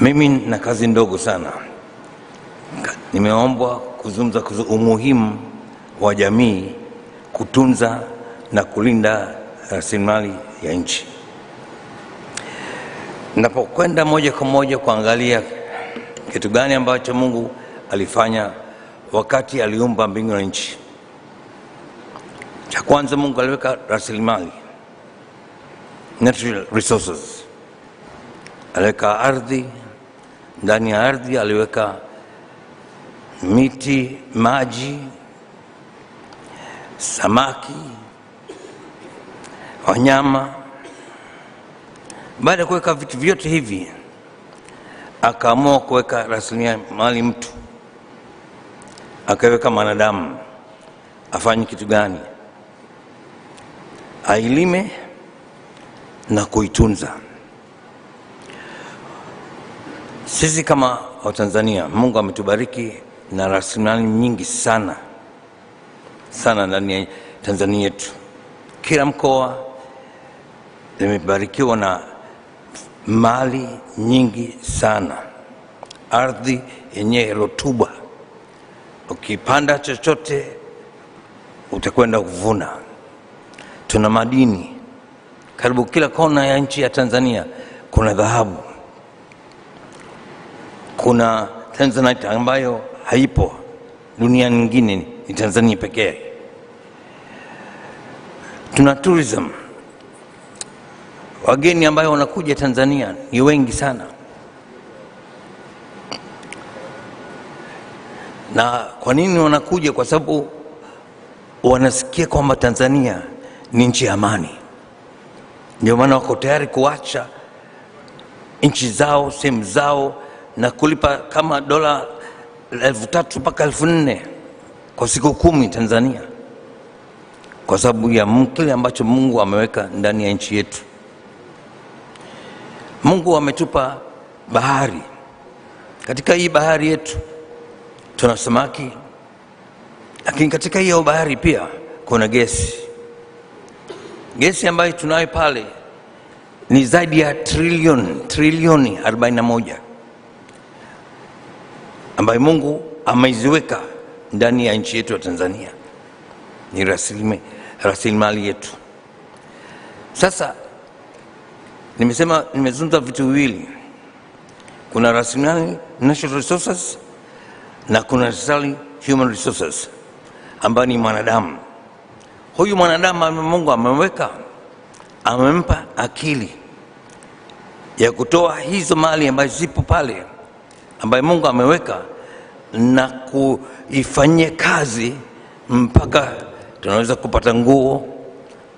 Mimi na kazi ndogo sana, nimeombwa kuzungumza kuzu umuhimu wa jamii kutunza na kulinda rasilimali ya nchi. Napokwenda moja kwa moja kuangalia kitu gani ambacho Mungu alifanya wakati aliumba mbingu na nchi, cha kwanza Mungu aliweka rasilimali, natural resources, aliweka ardhi ndani ya ardhi, aliweka miti, maji, samaki, wanyama. Baada ya kuweka vitu vyote hivi, akaamua kuweka rasilimali mtu, akaweka mwanadamu afanye kitu gani? Ailime na kuitunza. Sisi kama Watanzania, Mungu ametubariki na rasilimali nyingi sana sana ndani ya Tanzania yetu. Kila mkoa limebarikiwa na mali nyingi sana, ardhi yenye rutuba. Ukipanda chochote utakwenda kuvuna. Tuna madini karibu kila kona ya nchi ya Tanzania, kuna dhahabu kuna Tanzanite ambayo haipo dunia nyingine, ni Tanzania pekee. Tuna tourism, wageni ambayo wanakuja Tanzania ni wengi sana, na kwa nini wanakuja? Kwa sababu wanasikia kwamba Tanzania ni nchi ya amani, ndio maana wako tayari kuacha nchi zao, sehemu zao na kulipa kama dola elfu tatu mpaka elfu nne kwa siku kumi Tanzania, kwa sababu ya kile ambacho Mungu ameweka ndani ya nchi yetu. Mungu ametupa bahari. Katika hii bahari yetu tuna samaki, lakini katika hiyo bahari pia kuna gesi. Gesi ambayo tunayo pale ni zaidi ya trilioni trilioni 41 ambayo Mungu ameiziweka ndani ya nchi yetu ya Tanzania, ni rasilimali yetu. Sasa nimesema, nimezungumza vitu viwili, kuna rasilimali natural resources na kuna rasilimali human resources ambayo ni mwanadamu. Huyu mwanadamu Mungu ameweka amempa akili ya kutoa hizo mali ambazo zipo pale, ambayo Mungu ameweka na kuifanyia kazi mpaka tunaweza kupata nguo,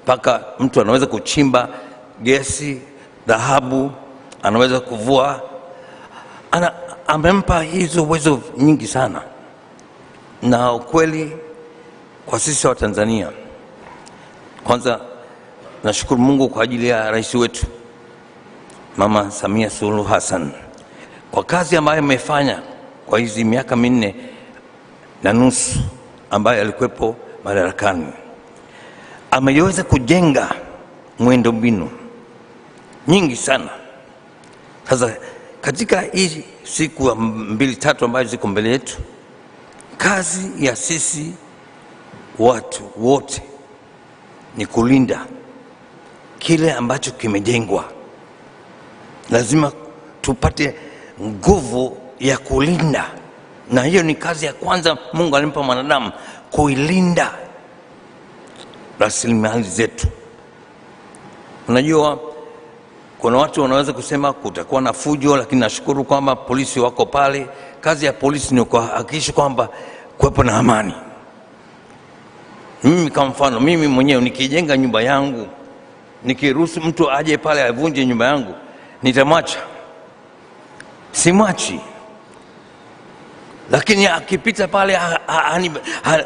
mpaka mtu anaweza kuchimba gesi, dhahabu, anaweza kuvua ana, amempa hizo uwezo nyingi sana. Na ukweli kwa sisi wa Tanzania, kwanza nashukuru Mungu kwa ajili ya rais wetu Mama Samia Suluhu Hassan kwa kazi ambayo amefanya kwa hizi miaka minne na nusu ambayo alikuwepo madarakani, ameweza kujenga mwendo mbinu nyingi sana. Sasa katika hizi siku mbili tatu ambazo ziko mbele yetu, kazi ya sisi watu wote ni kulinda kile ambacho kimejengwa. Lazima tupate nguvu ya kulinda, na hiyo ni kazi ya kwanza Mungu alimpa mwanadamu, kuilinda rasilimali zetu. Unajua, kuna watu wanaweza kusema kutakuwa na fujo, lakini nashukuru kwamba polisi wako pale. Kazi ya polisi ni kuhakikisha kwamba kuwepo na amani. Mimi kama mfano, mimi mwenyewe nikijenga nyumba yangu, nikiruhusu mtu aje pale avunje nyumba yangu, nitamwacha? Simwachi lakini akipita pale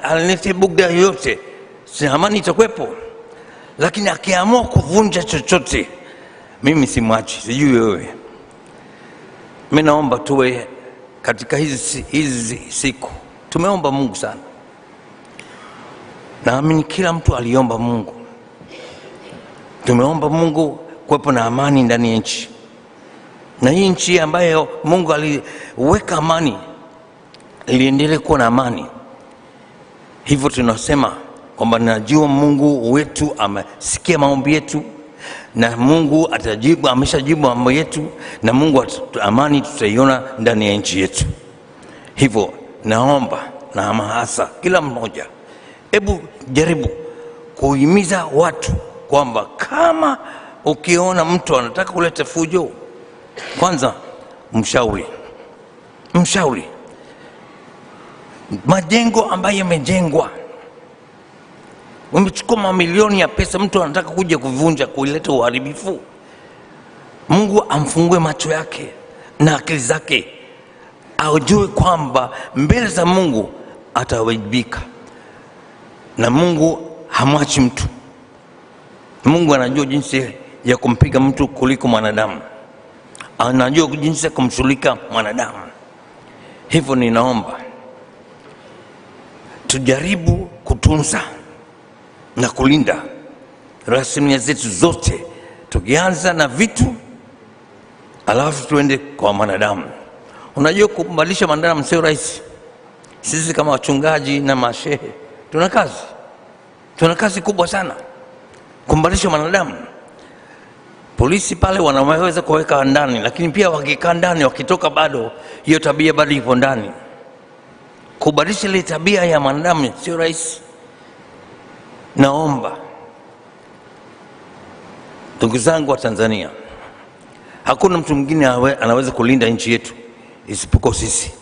alinitie bugda yoyote, si amani itakuwepo. Lakini akiamua kuvunja chochote, mimi simwachi, sijui wewe. Mi naomba tuwe katika hizi, hizi siku tumeomba Mungu sana, naamini kila mtu aliomba Mungu. Tumeomba Mungu kuwepo na amani ndani ya nchi, na hii nchi ambayo Mungu aliweka amani liendelee kuwa na amani. Hivyo tunasema kwamba najua Mungu wetu amesikia maombi yetu na Mungu atajibu, ameshajibu mambo yetu, na Mungu atu, amani tutaiona ndani ya nchi yetu. Hivyo naomba na hamasa kila mmoja, hebu jaribu kuhimiza watu kwamba kama ukiona mtu anataka kuleta fujo, kwanza mshauri, mshauri majengo ambayo yamejengwa, wamechukua mamilioni ya pesa, mtu anataka kuja kuvunja, kuleta uharibifu. Mungu amfungue macho yake na akili zake, ajue kwamba mbele za Mungu atawajibika, na Mungu hamwachi mtu. Mungu anajua jinsi ya kumpiga mtu kuliko mwanadamu, anajua jinsi ya kumshulika mwanadamu. Hivyo ninaomba tujaribu kutunza na kulinda rasmi zetu zote, tukianza na vitu alafu tuende kwa mwanadamu. Unajua, kumbadilisha mwanadamu sio rahisi. Sisi kama wachungaji na mashehe tuna kazi, tuna kazi kubwa sana kumbadilisha mwanadamu. Polisi pale wanaweza kuweka ndani, lakini pia wakikaa ndani, wakitoka bado hiyo tabia bado ipo ndani kubadilisha ile tabia ya mwanadamu sio rahisi. Naomba ndugu zangu wa Tanzania, hakuna mtu mwingine anaweza kulinda nchi yetu isipokuwa sisi.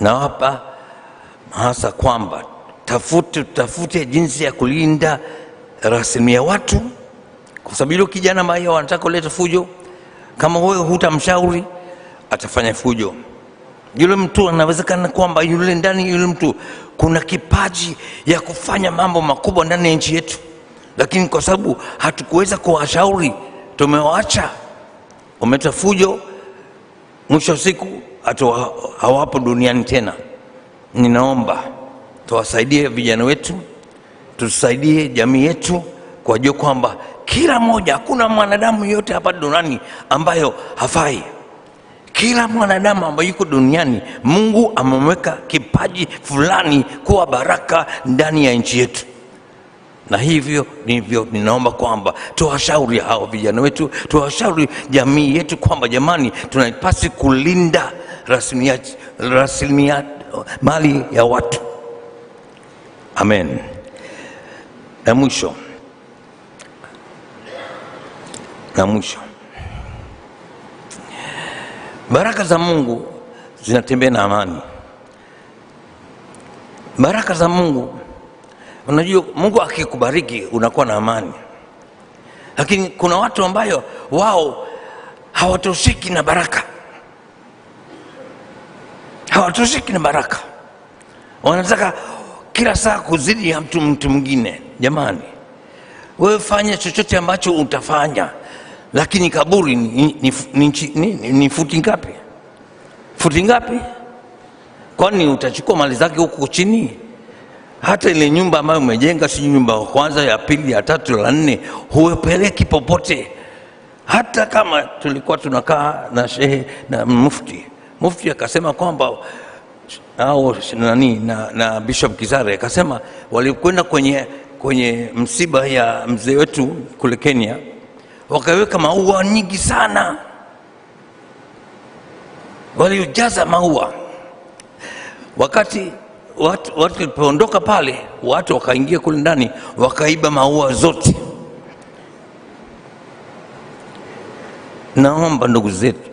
Nawapa hasa kwamba tafute, tafute jinsi ya kulinda rasilimali ya watu, kwa sababu ile kijana ambaye wanataka kuleta fujo, kama wewe hutamshauri atafanya fujo. Yule mtu anawezekana kwamba yule ndani yule mtu kuna kipaji ya kufanya mambo makubwa ndani ya nchi yetu, lakini kwa sababu hatukuweza kuwashauri, tumewaacha, wameleta fujo, mwisho wa siku hawapo duniani tena. Ninaomba tuwasaidie vijana wetu, tusaidie jamii yetu kwa jua kwamba kila mmoja, hakuna mwanadamu yote hapa duniani ambayo hafai. Kila mwanadamu ambaye yuko duniani, Mungu amemweka kipaji fulani kuwa baraka ndani ya nchi yetu, na hivyo ndivyo ninaomba kwamba tuwashauri hao vijana wetu, tuwashauri jamii yetu kwamba jamani, tunapasi kulinda rasilimali mali ya watu. Amen. Na mwisho na mwisho Baraka za Mungu zinatembea na amani. Baraka za Mungu, unajua Mungu akikubariki unakuwa na amani, lakini kuna watu ambayo wao hawatoshiki na baraka, hawatoshiki na baraka, wanataka kila saa kuzidi ya mtu mtu mwingine. Jamani, wewe fanya chochote ambacho utafanya lakini kaburi ni, ni, ni, ni, ni futi ngapi? Futi ngapi? Kwani utachukua mali zake huko chini? Hata ile nyumba ambayo umejenga, si nyumba ya kwanza, ya pili, ya tatu, la nne, huepeleki popote. Hata kama tulikuwa tunakaa na shehe na mufti, mufti akasema kwamba au nani na, na Bishop Kizare akasema walikwenda kwenye, kwenye msiba ya mzee wetu kule Kenya wakaweka maua nyingi sana, waliojaza maua. Wakati watu walipoondoka pale, watu wakaingia kule ndani, wakaiba maua zote. Naomba ndugu zetu,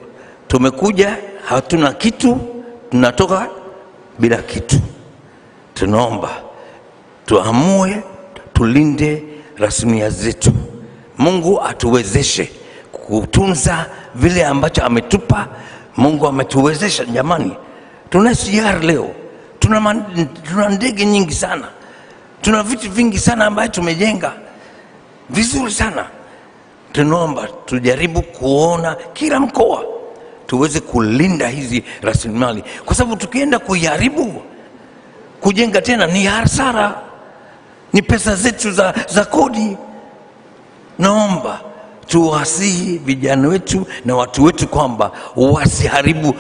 tumekuja hatuna kitu, tunatoka bila kitu. Tunaomba tuamue tulinde rasilimali zetu. Mungu atuwezeshe kutunza vile ambacho ametupa. Mungu ametuwezesha jamani, tuna SGR leo, tuna, tuna ndege nyingi sana, tuna vitu vingi sana ambavyo tumejenga vizuri sana. Tunaomba tujaribu kuona kila mkoa tuweze kulinda hizi rasilimali, kwa sababu tukienda kuiharibu, kujenga tena ni hasara, ni pesa zetu za, za kodi. Naomba tuwasihi vijana wetu na watu wetu kwamba wasiharibu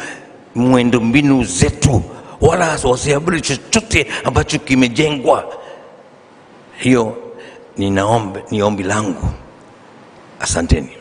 mwendo mbinu zetu, wala wasiharibu chochote ambacho kimejengwa. Hiyo ni ombi langu. Asanteni.